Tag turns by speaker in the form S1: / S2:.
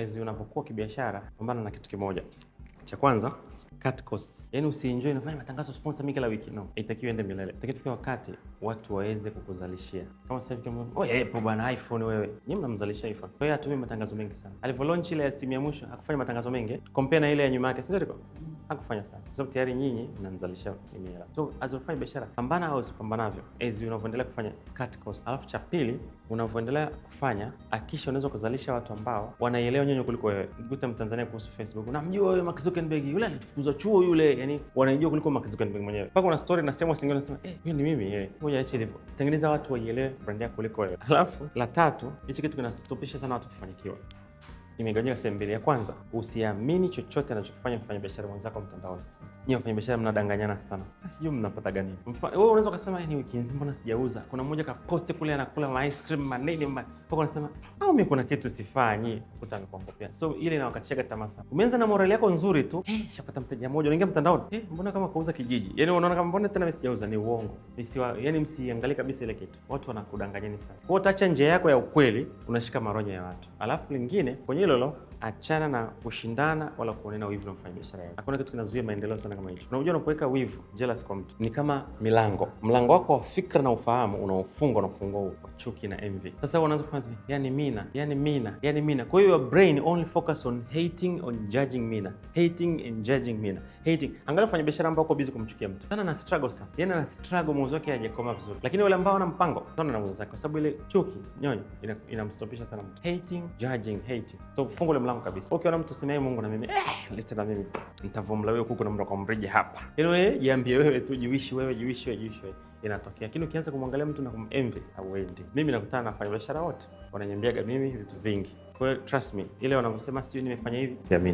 S1: ezi unapokuwa kibiashara, pambana na kitu kimoja cha kwanza cut costs. Yaani usienjoy unafanya matangazo sponsor mingi kila wiki. No, itakiwa ende milele. Itakiwa wakati watu waweze kukuzalishia. Kama sasa hivi kama wewe oh, Apple bwana iPhone wewe. Nyinyi mnamzalisha iPhone. Kwa hiyo atumie matangazo mengi sana. Alivyo launch ile ya simu ya mwisho hakufanya matangazo mengi. Compare na ile ya nyuma yake, si ndio? hakufanya sana, kwa sababu tayari nyinyi mnanizalisha mimi hela. So as unafanya biashara, pambana au usipambanavyo, as unavyoendelea kufanya cut cost. Alafu cha pili, unavyoendelea kufanya hakikisha unaweza kuzalisha watu ambao wanaielewa nyinyi kuliko wewe. Nikuta Mtanzania kuhusu Facebook, namjua huyo Mark Zuckerberg, yule alitufukuza chuo yule, yani wanaijua kuliko Mark Zuckerberg mwenyewe. Mpaka una story nasema singine nasema eh, hiyo ni mimi yeye. Ngoja ache hivyo, tengeneza watu waielewe brand yako kuliko wewe. Alafu la tatu, hichi kitu kinastopisha sana watu kufanikiwa imegawanyika sehemu mbili. Ya kwanza, usiamini chochote anachokifanya mfanyabiashara mwenzako mtandaoni. Nyie wafanyabiashara mnadanganyana sana. Sasa sijui mnapata gani. Wewe unaweza ukasema eh, ni wiki nzima mbona sijauza. Kuna mmoja kaposti kule anakula ice cream manene ma Kwa anasema, "Au mimi kuna kitu sifanyi." Kutaka kuangopea. So ile inawakatishaga tamaa sana. Umeanza na morali yako nzuri tu. Eh, hey, shapata mteja mmoja, unaingia mtandaoni. Eh, hey, mbona kama kauza kijiji? Yaani unaona kama mbona tena mimi sijauza ni uongo. Msiwa, yaani msiangalie kabisa ile kitu. Watu wanakudanganyani sana. Kwa hiyo utaacha njia yako ya ukweli, unashika maronya ya watu. Alafu lingine kwenye ¿no? achana na kushindana wala kuonena wivu na mfanyabiashara yako. Hakuna kitu kinazuia maendeleo sana kama hicho. Unajua, unapoweka wivu jealous kwa mtu ni kama milango, mlango wako wa fikra na ufahamu unaofungwa na kufungua kwa chuki na envy. Sasa unaanza kufanya yani mina, yani mina, yani mina. Kwa hiyo your brain only focus on hating, on judging mina, hating and judging mina, hating. Angalia fanya biashara ambao uko busy kumchukia mtu sana na struggle sana, yani ana struggle, mwanzo wake hajakoma vizuri, lakini wale ambao wana mpango sana na mwanzo wake, kwa sababu ile chuki nyonyo inamstopisha ina sana mtu. Hating, judging, hating, stop, funga ile mtaalamu kabisa. Ukiona mtu sinai Mungu na mimi eh, leta na mimi nitavumla wewe kuku na kwa mrije hapa. Anyway, jiambie wewe tu, jiwishi wewe, jiwishi wewe, jiwishi wewe inatokea lakini ukianza kumwangalia mtu na kumenvi hauendi. Mimi nakutana na wafanyabiashara wote wananyambiaga mimi vitu vingi, kwa hiyo trust me, ile wanavyosema sijui nimefanya hivi siamini.